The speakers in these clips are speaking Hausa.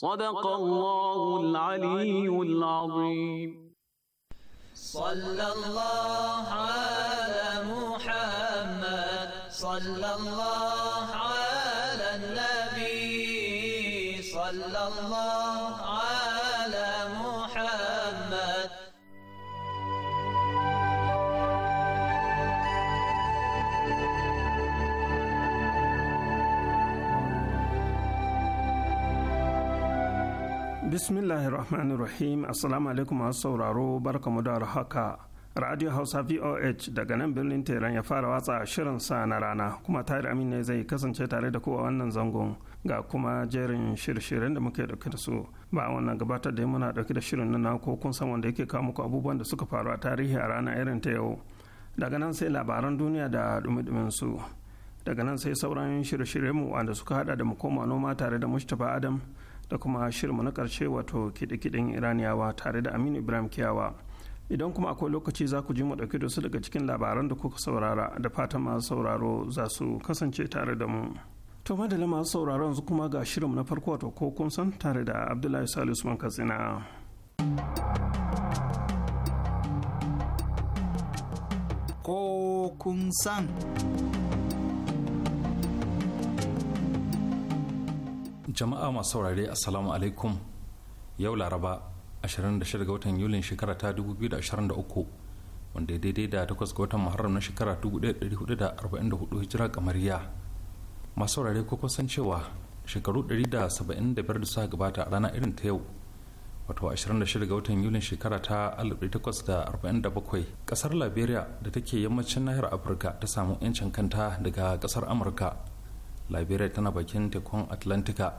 صدق الله العلي العظيم صلى الله عليه bismillahirrahmanirrahim assalamu alaikum masu sauraro barkamu da haka radio hausa voh daga nan birnin teran ya fara watsa shirin sa na rana kuma tare amin ne zai kasance tare da kowa wannan zangon ga kuma jerin shirye-shiryen da muke dauke da su ba wannan gabatar da muna dauke da shirin na ko kun san wanda yake kawo muku abubuwan da suka faru a tarihi a rana irin ta yau daga nan sai labaran duniya da dumi su daga nan sai sauran shirye-shiryen mu wanda suka hada da mu koma noma tare da mustapha adam da kuma shirin mu na karshe wato kiɗe-kiɗen iraniyawa tare da aminu ibrahim kiyawa idan kuma akwai lokaci za ku ji mu ɗauki da su daga cikin labaran da kuka saurara da fata masu sauraro za su kasance tare da mu to madalla masu sauraro yanzu kuma ga shirinmu na farko wato ko kun san tare da abdullahi salisu usman katsina ko kun san jama'a masu saurare assalamu alaikum yau laraba 26 ga watan yulin shekara ta 2023 wanda daidai da takwas ga watan muharram na shekara 1444 hijira kamariya masu saurare ko kusan cewa shekaru 175 da suka gabata a rana irin ta yau wato 26 ga watan yulin shekara ta 1847 kasar liberia da take yammacin nahiyar afirka ta samu 'yancin kanta daga kasar amurka liberia tana bakin tekun atlantika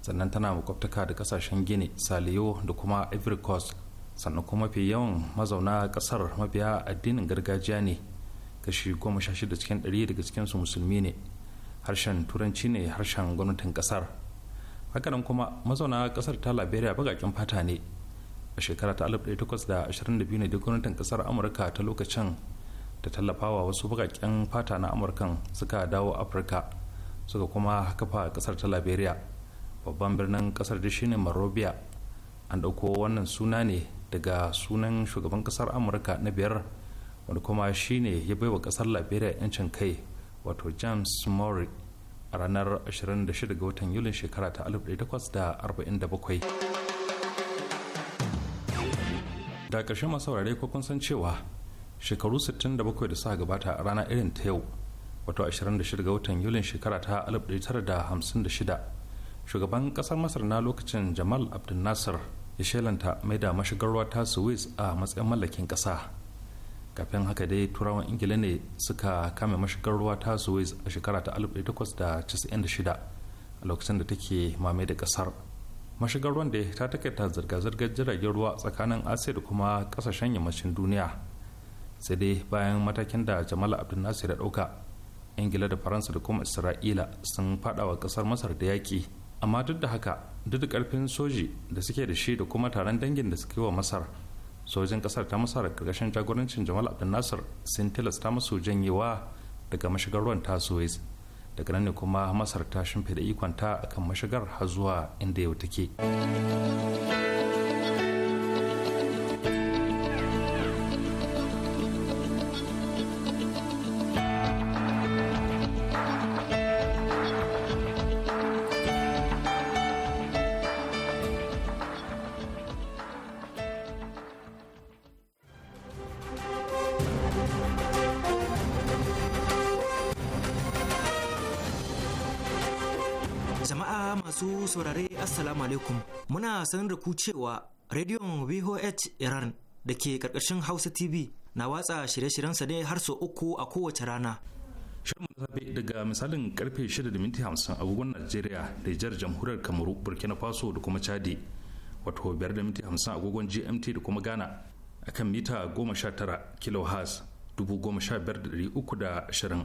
sannan tana makwabtaka da kasashen gini saliyo da kuma ivory coast sannan kuma mafi yawan mazauna kasar mabiya addinin gargajiya ne kashi goma sha shida cikin ɗari daga cikinsu musulmi ne harshen turanci ne harshen gwamnatin kasar hakanan kuma mazauna kasar ta liberia bagakin fata ne a shekara ta 1822 ne da gwamnatin kasar amurka ta lokacin da tallafawa wasu bagaƙen fata na amurkan suka dawo afirka suka kuma kafa kasar ta liberia babban birnin kasar da shine monrovia an ɗauko wannan suna ne daga sunan shugaban kasar amurka na biyar wanda kuma shine ya baiwa kasar liberia 'yancin kai wato james murray a ranar 26 ga watan yulin shekara ta 1847 da ƙarshen masu saurare kun san cewa shekaru 67 da suka gabata a rana irin ta yau wato 26 ga watan yulin shekara ta 1956 shugaban kasar masar na lokacin jamal abdul nasir ya shelanta mai da mashigar ta suez a matsayin mallakin kasa kafin haka dai turawan ingila ne suka kame mashigar ta suez a shekara ta 1896 a lokacin da take mame da kasar mashigar ruwan da ta takaita zirga-zirgar jiragen ruwa tsakanin asiya da kuma kasashen yammacin duniya sai dai bayan matakin da jamal abdul nasir ya dauka ingila da faransa da kuma isra'ila sun fadawa kasar masar da yaki amma duk da haka duk da karfin soji da suke da shi da kuma taron dangin da suke wa masar sojin kasar ta masar karkashin jagorancin jamal abdul nasir sun tilasta musu janyewa daga mashigar ruwan ta suez daga nan ne kuma masar ta shimfida ta akan mashigar har zuwa inda yau take saurare Assalamu alaikum muna sanar da ku cewa rediyon VOH Iran da ke karkashin Hausa TV na watsa shirye-shiryensa ne har sau uku a kowace rana. Shirin safe daga misalin karfe 6:50 gugun Najeriya da jihar jamhuriyar Kamaru, Burkina Faso da kuma Chadi, wato 5:50 gugun GMT da kuma Ghana akan mita 19 kHz 15320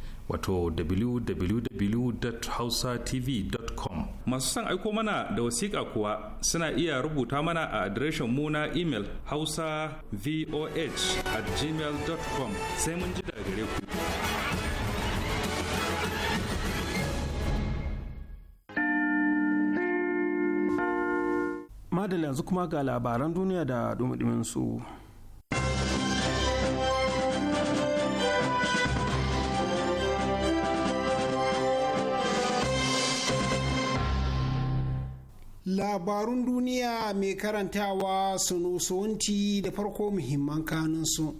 wato www.hausatv.com masu son aiko mana da wasiƙa kuwa suna iya rubuta mana a adireshin mu na imel hausa voh at gmail.com sai mun ji daga gare ku madalla yanzu kuma ga labaran duniya da dumudumin su labarun duniya mai karantawa su sunusuwanti da farko muhimman kanunsu.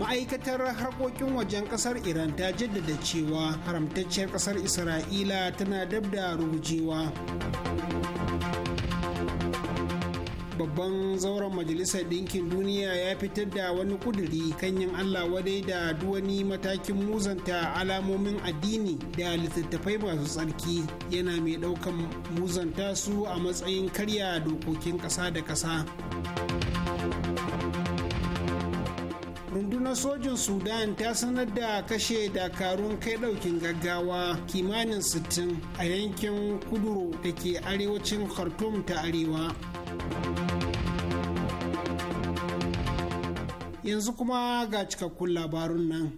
ma'aikatar harkokin wajen kasar iran ta jaddada cewa haramtacciyar kasar isra'ila tana dabda da rugujewa babban zauren majalisar ɗinkin duniya ya fitar da wani kuduri kan yin allah wadai da duwani matakin muzanta alamomin addini da littattafai masu tsarki yana mai ɗaukan muzanta su a matsayin karya dokokin ƙasa da ƙasa rundunar sojin sudan ta sanar da kashe dakarun kai daukin gaggawa kimanin 60 a yankin kuduro da ke arewacin khartum ta arewa yanzu kuma ga cikakkun labarun nan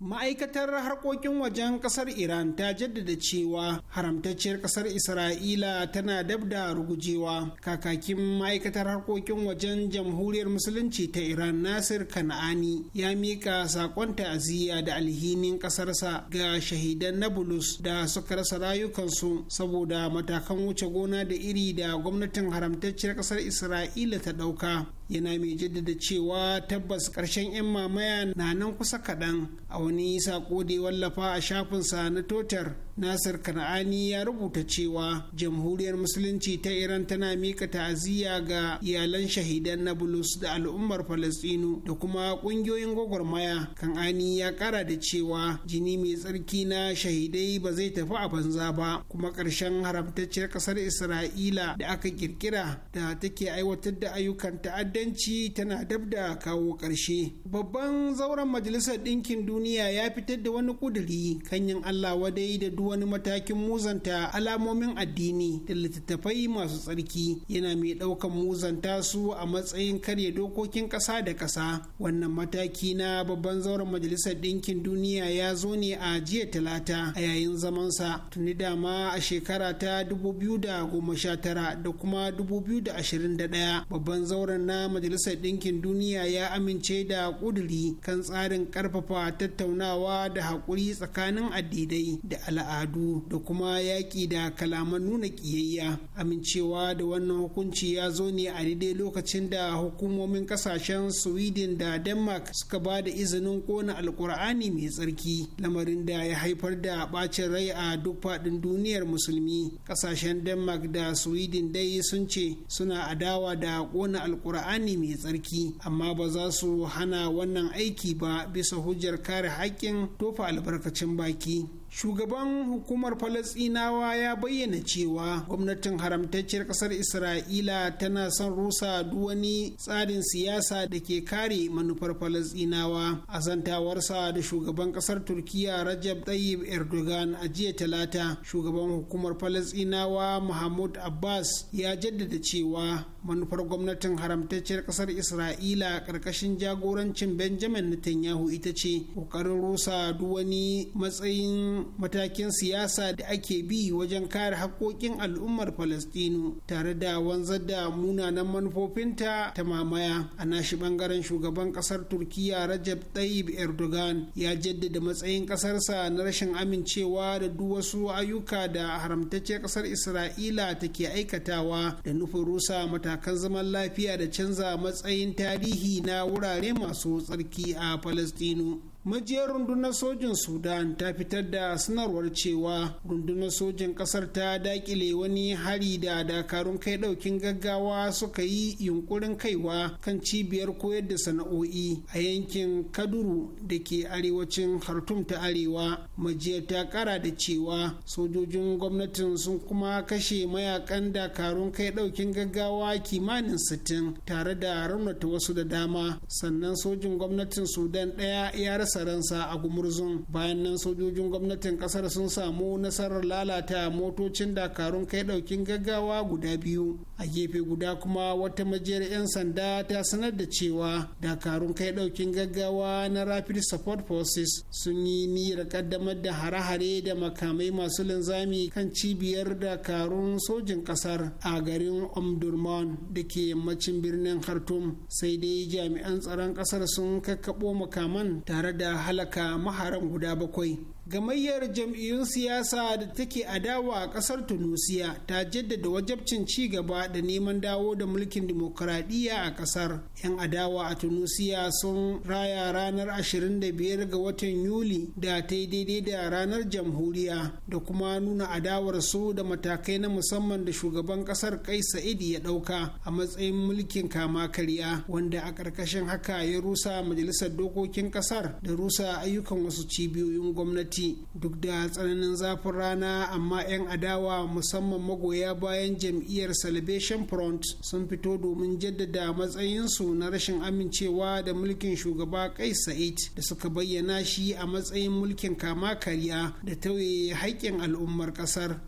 ma'aikatar harkokin wajen kasar iran ta jaddada cewa haramtacciyar kasar isra'ila tana dab da rugujewa kakakin ma'aikatar harkokin wajen jamhuriyar musulunci ta iran nasir kan'ani ya mika saƙon ta'aziyya da alhinin ƙasarsa ga shahidan nablus da suka rasa rayukansu saboda matakan wuce gona da iri da gwamnatin haramtacciyar kasar isra'ila ta ɗauka yana mai jaddada cewa tabbas ƙarshen 'yan mamaya na nan kusa kaɗan a wani saƙo da ya wallafa a shafinsa na totar nasir kan'ani ya rubuta cewa jamhuriyar musulunci ta iran tana mika ta'aziyya ga iyalan shahidan Bulus da al'ummar falastinu da kuma ƙungiyoyin gwagwarmaya kan'ani ya ƙara da cewa jini mai tsarki na shahidai ba zai tafi a banza ba kuma ƙarshen haramtacciyar ƙasar isra'ila da aka ƙirƙira da take aiwatar da ayyukan ta'addanci tana dab da kawo ƙarshe babban zauren majalisar ɗinkin duniya ya fitar da wani ƙuduri kan yin allah wadai da wani matakin muzanta alamomin addini da littattafai masu tsarki yana mai ɗaukan muzanta su a matsayin karya dokokin ƙasa da ƙasa wannan mataki na babban zauren majalisar ɗinkin duniya ya zo ne a jiya talata a yayin zamansa tuni dama a shekara ta 2019 da kuma da 2021 babban zauren na majalisar ɗinkin duniya ya amince da ƙuduri kan tsarin ƙarfafa tattaunawa da haƙuri tsakanin addinai da al'adu al'adu da kuma yaƙi da kalaman nuna ƙiyayya amincewa da wannan hukunci ya zo ne a daidai lokacin da hukumomin ƙasashen sweden da denmark suka ba da izinin kona alkur'ani mai tsarki lamarin da ya haifar da bacin rai a duk faɗin duniyar musulmi ƙasashen denmark da sweden dai sun ce suna adawa da kona alkur'ani mai tsarki amma ba za su hana wannan aiki ba bisa hujjar kare haƙƙin tofa albarkacin baki shugaban hukumar falasinawa ya bayyana cewa gwamnatin haramtacciyar kasar isra'ila tana son rusa wani tsarin siyasa da ke kare manufar falasinawa a zantawarsa da shugaban kasar turkiya rajab tayyib erdogan a jiya talata shugaban hukumar falasinawa mahmud abbas ya jaddada cewa manufar gwamnatin haramtacciyar kasar isra'ila ƙarƙashin jagorancin benjamin netanyahu ita ce ƙoƙarin rusa duk wani matsayin matakin siyasa da ake bi wajen kare haƙoƙin al'ummar falastinu tare da wanzar da munanan manufofinta ta mamaya a nashi bangaren shugaban kasar turkiya rajab tayyib erdogan ya jaddada matsayin kasarsa na rashin amincewa da duk wasu ayyuka da haramtacciyar ƙasar isra'ila take aikatawa da nufin rusa mata matakan zaman lafiya da canza matsayin tarihi na wurare masu tsarki a Falastinu. majiyar rundunar sojin sudan ta fitar da sanarwar cewa rundunar sojin kasar ta dakile wani hari da dakarun kai daukin gaggawa suka yi yunkurin kaiwa kan cibiyar koyar da sana'o'i a yankin kaduru da ke arewacin hartum ta arewa majiyar ta kara da cewa sojojin gwamnatin sun kuma kashe mayakan dakarun kai daukin gaggawa kimanin sittin tare da raunata wasu da dama sannan sojin gwamnatin sudan daya ya rasa akasarinsa a gumurzun bayan nan sojojin gwamnatin kasar sun samu nasarar lalata motocin dakarun kai daukin gaggawa guda biyu a gefe guda kuma wata majiyar 'yan sanda ta sanar da cewa dakarun kai daukin gaggawa na rapid support forces sun yi niyyar kaddamar da hare-hare da makamai masu linzami kan cibiyar dakarun sojin kasar a garin omdurman da ke yammacin birnin khartoum sai dai jami'an tsaron kasar sun kakkabo makaman tare da halaka maharan guda bakwai gamayyar jam'iyyun siyasa da take adawa a kasar tunisia ta jaddada wajabcin ci gaba da neman dawo da mulkin dimokuraɗiyya a kasar 'yan adawa a tunisia sun raya ranar 25 ga watan yuli da ta yi daidai da ranar jamhuriya da kuma nuna adawar su da matakai na musamman da shugaban kasar kai sa'id ya ɗauka a matsayin mulkin kama karya wanda a ƙarƙashin haka ya rusa majalisar dokokin kasar da rusa ayyukan wasu cibiyoyin gwamnati gwamnati duk da tsananin zafin rana amma 'yan adawa musamman magoya bayan jam'iyyar salvation front sun fito domin jaddada matsayinsu na rashin amincewa da mulkin shugaba kai sa'id da suka bayyana shi a matsayin mulkin kama karya da tauye haƙƙin al'ummar ƙasar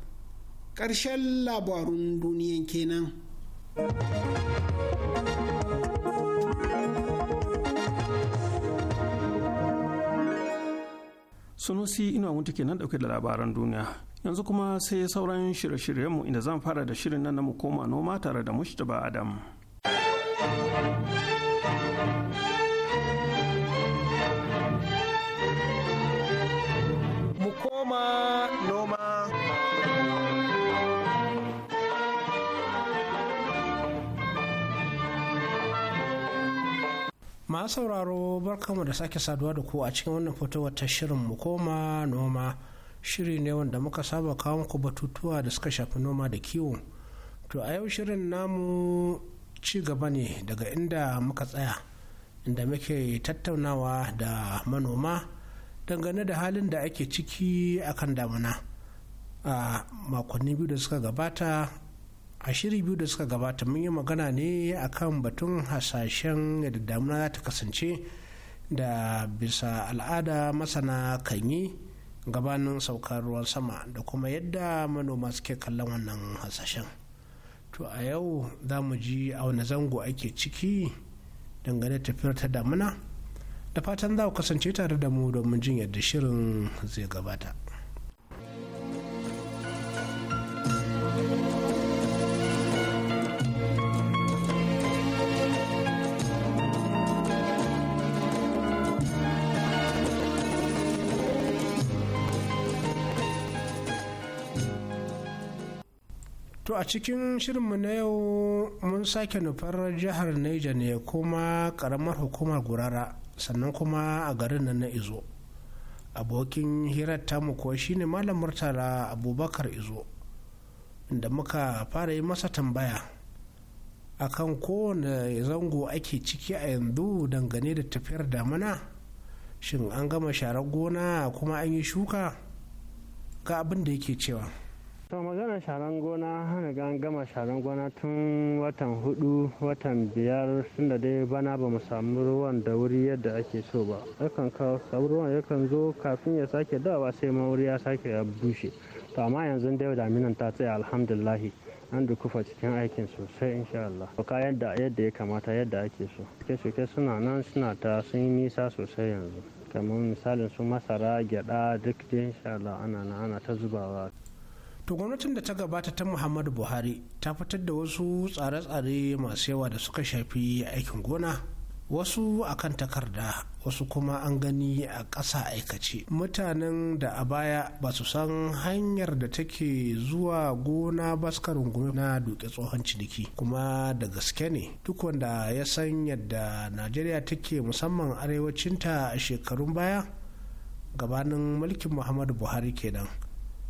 ƙarshen labarun duniyan kenan. sunusi ina wunta nan dauke da labaran duniya yanzu kuma sai sauran shirye-shiryenmu inda zan fara da shirin nan na mu koma noma tare da mushtaba adam masu sauraro mu da sake saduwa da ku a cikin wannan fitowar ta shirin mu koma noma shiri ne wanda muka saba kawo muku batutuwa da suka shafi noma da kiwo to a yau shirin namu ci gaba ne daga inda muka tsaya inda muke tattaunawa da manoma dangane da halin da ake ciki akan damuna a makonni biyu da suka gabata a shiri biyu da suka gabata mun yi magana ne akan batun hasashen da damuna ta kasance da bisa al'ada masana kan yi gabanin saukar ruwan sama da kuma yadda manoma suke kallon wannan hasashen to a yau za mu ji a wani zango ake ciki dangane tafiyar ta damuna da fatan za ku kasance tare da mu domin jin yadda shirin zai gabata. a cikin shirinmu na yau mun sake nufar jihar Neja ne kuma karamar hukumar gurara sannan kuma a garin nan na Izo. Abokin hirar tamu ko shine Malam Murtala Abubakar Izo inda muka fara yi masa tambaya akan kowane zango ake ciki a yanzu dangane da tafiyar damana shin an gama sharar gona kuma an yi shuka ga abin da yake cewa. to maganar sharan gona hana an gama sharan gona tun watan hudu watan biyar da dai bana ba mu samu ruwan da wuri yadda ake so ba yakan kawo ruwan yakan zo kafin ya sake dawa sai ma wuri ya sake ya bushe to amma yanzu dai daminan ta tsaya alhamdullahi an dukufa cikin aikin sosai insha Allah kayan yadda ya kamata yadda ake so shuke-shuke suna nan suna ta sun yi nisa sosai yanzu kamar misalin su masara gyada duk da insha Allah ana ana ta zubawa to gwamnatin da ta gabata ta muhammadu buhari ta fitar da wasu tsare-tsare masu yawa da suka shafi aikin gona wasu a kan takarda wasu kuma an gani a ƙasa aikace mutanen da a baya ba su san hanyar da take zuwa gona baska rungume na duke tsohon ciniki kuma da gaske ne duk wanda ya san yadda najeriya take musamman arewacinta a shekarun baya gabanin mulkin muhammadu buhari kenan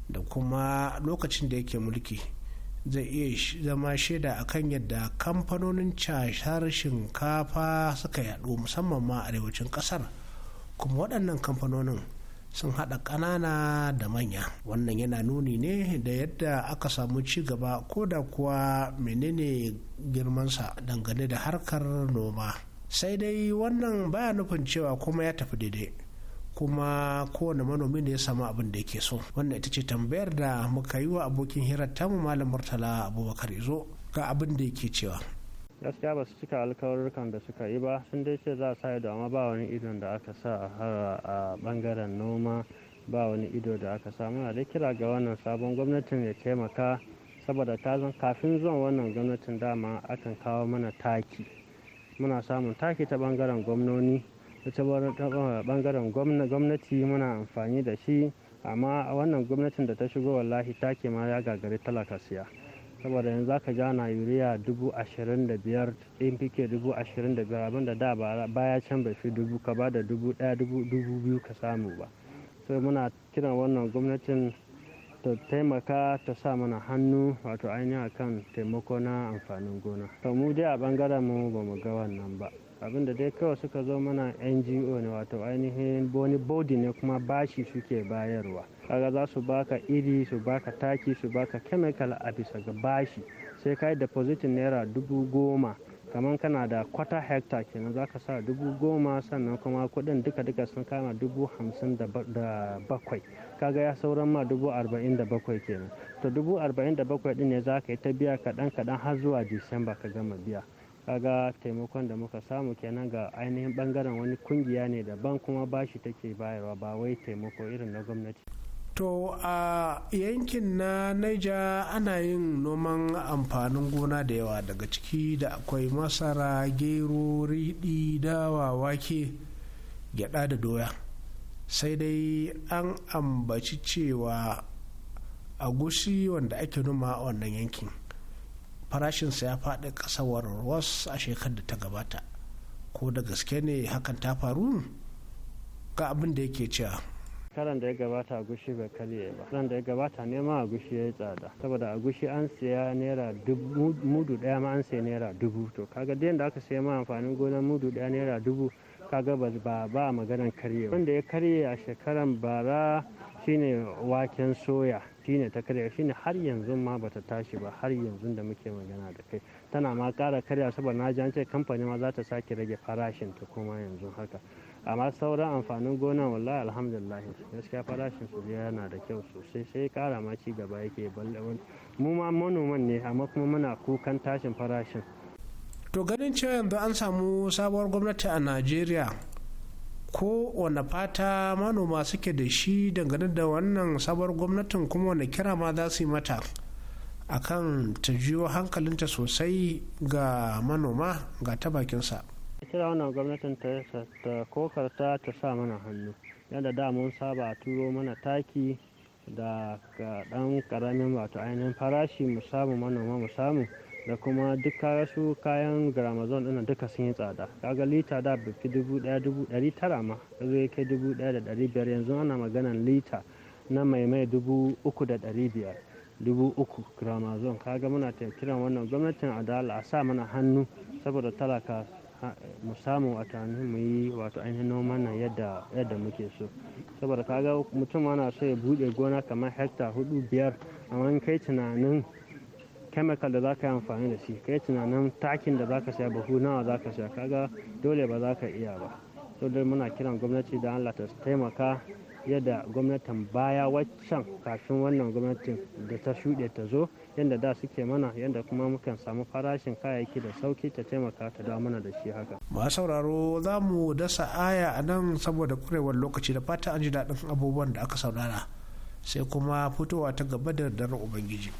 da kuma lokacin da yake mulki zai iya zama shaida akan yadda kamfanonin cashar shinkafa suka yaɗu musamman ma arewacin ƙasar kuma waɗannan kamfanonin sun haɗa ƙanana da manya wannan yana nuni ne da yadda aka samu ci gaba ko da kuwa menene girmansa dangane da harkar noma sai dai wannan baya nufin cewa kuma ya tafi daidai kuma kowane manomi ne ya samu abin da yake so wannan ita ce tambayar da muka yi wa abokin hirar tamu malam murtala abubakar izo ga abin da yake cewa gaskiya ba su cika alkawarurkan da suka yi ba sun dai ce za a sa ido amma ba wani ido da aka sa a bangaren noma ba wani ido da aka sa muna da kira ga wannan sabon gwamnatin ya taimaka saboda ta zan kafin zuwan wannan gwamnatin dama akan kawo mana taki muna samun taki ta bangaren gwamnoni ta bangaren gwamnati muna amfani da shi amma wannan gwamnatin da ta shigo wallahi ta ke ma ya gagari talaka siya saboda yanzu aka ja na yuriya dubu ashirin da biyar npk dubu ashirin da biyar abinda da baya can bai fi dubu ka ba da dubu daya dubu biyu ka samu ba sai muna kiran wannan gwamnatin ta taimaka ta sa mana hannu wato ainihin kan taimako na amfanin gona to mu dai a bangaren mu ba mu ga wannan ba abinda dai kawai suka zo mana ngo ne wato ainihin boni bodi ne kuma bashi suke bayarwa kaga za su baka iri su baka taki su baka chemical a bisa ga bashi sai kai depositin naira dubu goma kamar kana da kwata hekta kenan za ka sa dubu goma sannan kuma kudin duka duka sun kama dubu hamsin da bakwai kaga ya sauran ma dubu arba'in da bakwai kenan to dubu arba'in da bakwai din ne za ka yi ta biya kaɗan kaɗan har zuwa disamba ka gama biya kaga taimakon da muka samu kenan ga ainihin bangaren wani kungiya ne daban kuma bashi take bayarwa ba wai taimako irin na gwamnati to a yankin na naija ana yin noman amfanin gona da yawa daga ciki da akwai masara gero riɗi dawa wake gyada da doya sai dai an ambaci cewa agushi wanda ake noma a wannan yankin farashinsa ya faɗi ƙasawar ross a shekar da ta gabata ko da gaske ne hakan ta faru ga abin da yake cewa karan da ya gabata agushi bai karye ba karan da ya gabata nema agushi ya yi tsada saboda agushi an siya naira mudu daya ma an siya naira dubu to kaga da aka siya ma amfanin gonar mudu daya naira dubu kaga ba ba maganan karye wanda ya karye a shekaran bara shine waken soya shine ta karya shine har yanzu ma bata tashi ba har yanzu da muke magana da kai tana ma kara karya saboda na jance ce kamfani ma za ta sake rage farashin ta kuma yanzu haka amma sauran amfanin gona wallahi alhamdulillah gaskiya farashin su yana da kyau sosai sai kara ma ci gaba yake balle wani mu ma manoman ne amma kuma muna kukan tashin farashin to ganin cewa yanzu an samu sabuwar gwamnati a najeriya ko kowane fata manoma suke da shi dangane da wannan sabar gwamnatin kuma wani kira ma za su yi mata akan ta jiyo hankalinta sosai ga manoma ga ta bakinsa kira wannan gwamnatin ta kokarta ta sa mana hannu yadda da mun saba a turo mana taki da ɗan ƙaramin wato ainihin farashi mu samu manoma mu samu da kuma duk kaga su kayan gramazon ɗin duka sun yi tsada kaga lita da bifi dubu ɗaya dubu ɗari tara ma ya ya kai dubu ɗaya da ɗari biyar yanzu ana maganan lita na mai mai dubu uku da ɗari biyar dubu uku gramazon kaga muna kira wannan gwamnatin adala a sa mana hannu saboda talaka mu samu a tani mu yi wato ainihin noman nan yadda yadda muke so saboda kaga mutum ana so ya buɗe gona kamar hekta hudu biyar amma kai tunanin chemical da zaka yi amfani da shi kai tunanin takin da za zaka sha buhu nawa ka sha kaga dole ba za ka iya ba so dai muna kiran gwamnati da Allah ta taimaka yadda gwamnatin baya waccan kafin wannan gwamnatin da ta shuɗe ta zo yadda da suke mana yadda kuma mukan samu farashin kayayyaki da sauki ta taimaka ta da mana da shi haka. ba sauraro za mu dasa aya a nan saboda kurewar lokaci da fata an ji daɗin abubuwan da aka saurara sai kuma fitowa ta gaba da daren Ubangiji.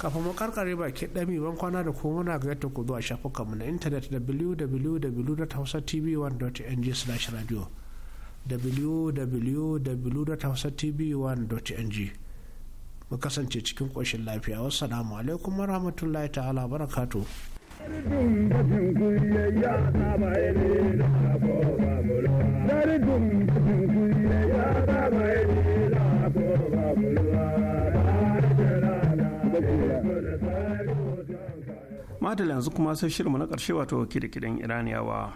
kafin mu karkare baki dami ban kwana da kuma muna gayyata ku zuwa mu na intanet www.hausatv1.ng slash radio www.hausatv1.ng mu kasance cikin koshin lafiya wassalamu alaikum rahmatullahi ta'ala barakatuh Dari dum dum madala yanzu kuma sai shirinmu na ƙarshe wato kidan iraniyawa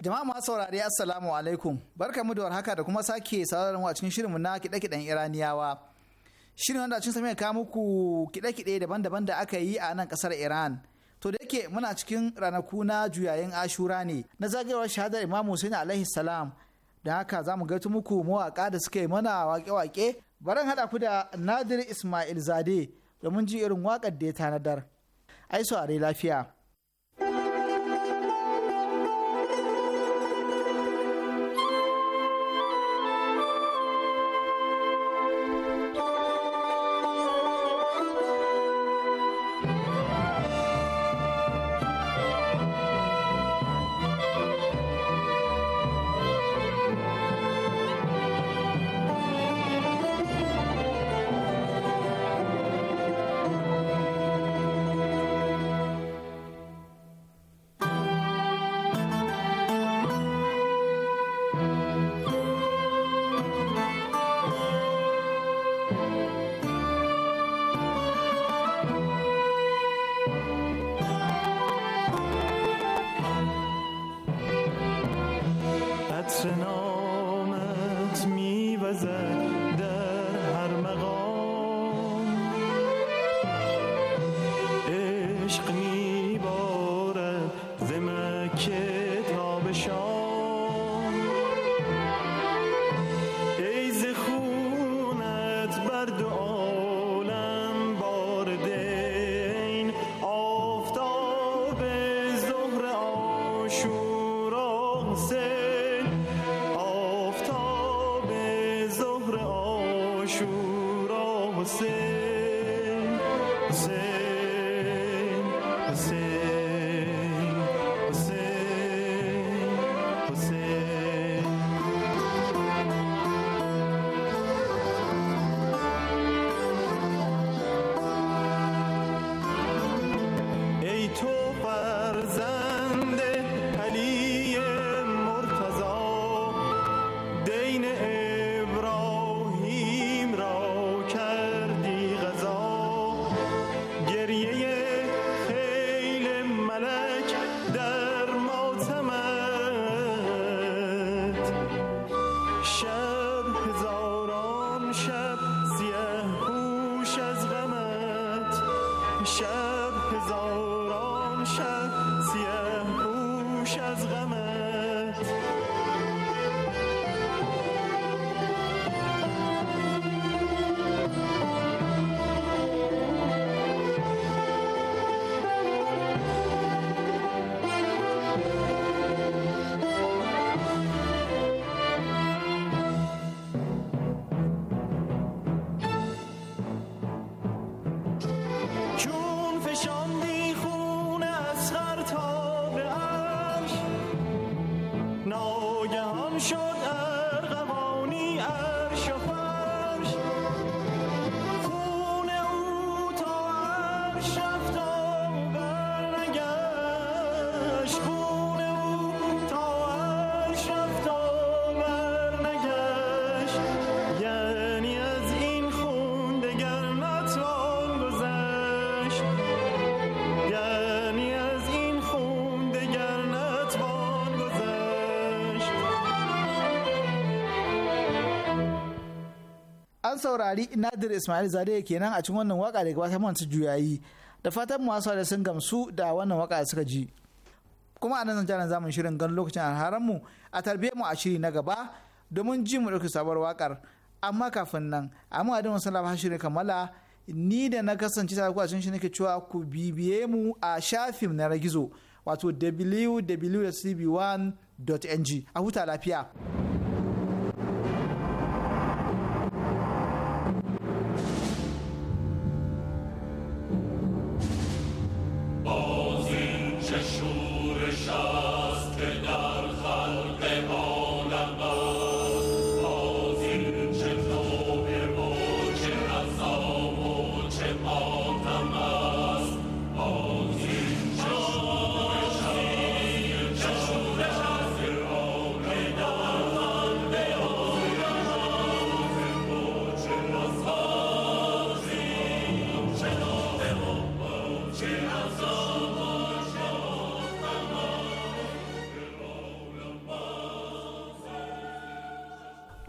jama'a masu saurari assalamu alaikum barkamu da warhaka da kuma sake sauraron a cikin shirinmu na kiɗe-kiɗen iraniyawa shirin wanda cin sami kawo muku kiɗe-kiɗe daban-daban da aka yi a nan kasar iran to da yake muna cikin ranaku na juyayen ashura ne na zagayewar shahadar imam hussain alaihi salam da haka za mu gaitu muku mawaƙa da suka yi mana waƙe-waƙe baran haɗa ku da nadir ismail zade domin ji irin waƙar da ya tanadar ai saurari lafiya saurari Nadir Ismail Zade kenan a cikin wannan waka da gabatar mana juyayi da fatan mu da sun gamsu da wannan waka da suka ji. Kuma a nan zan zamun shirin gan lokacin alharan mu a tarbiyyar mu a shiri na gaba domin ji mu dauki sabuwar wakar amma kafin nan a mu da wasu labar shirin kammala ni da na kasance ta kuwa a cikin shi nake cewa ku bibiye mu a shafin na gizo wato www.cb1.ng a huta lafiya.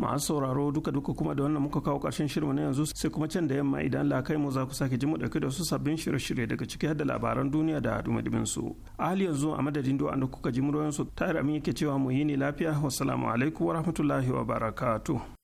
masu sauraro duka duka kuma da wannan muka kawo ƙarshen shirin na yanzu sai kuma can da yamma idan la kai mu za ku sake ji mu dauke da su sabbin shirye-shirye daga ciki har da labaran duniya da dumadumin su a hali yanzu a madadin do'a da kuka ji muryoyin su tare amin yake cewa mu yi ni lafiya wassalamu alaikum wa barakatu.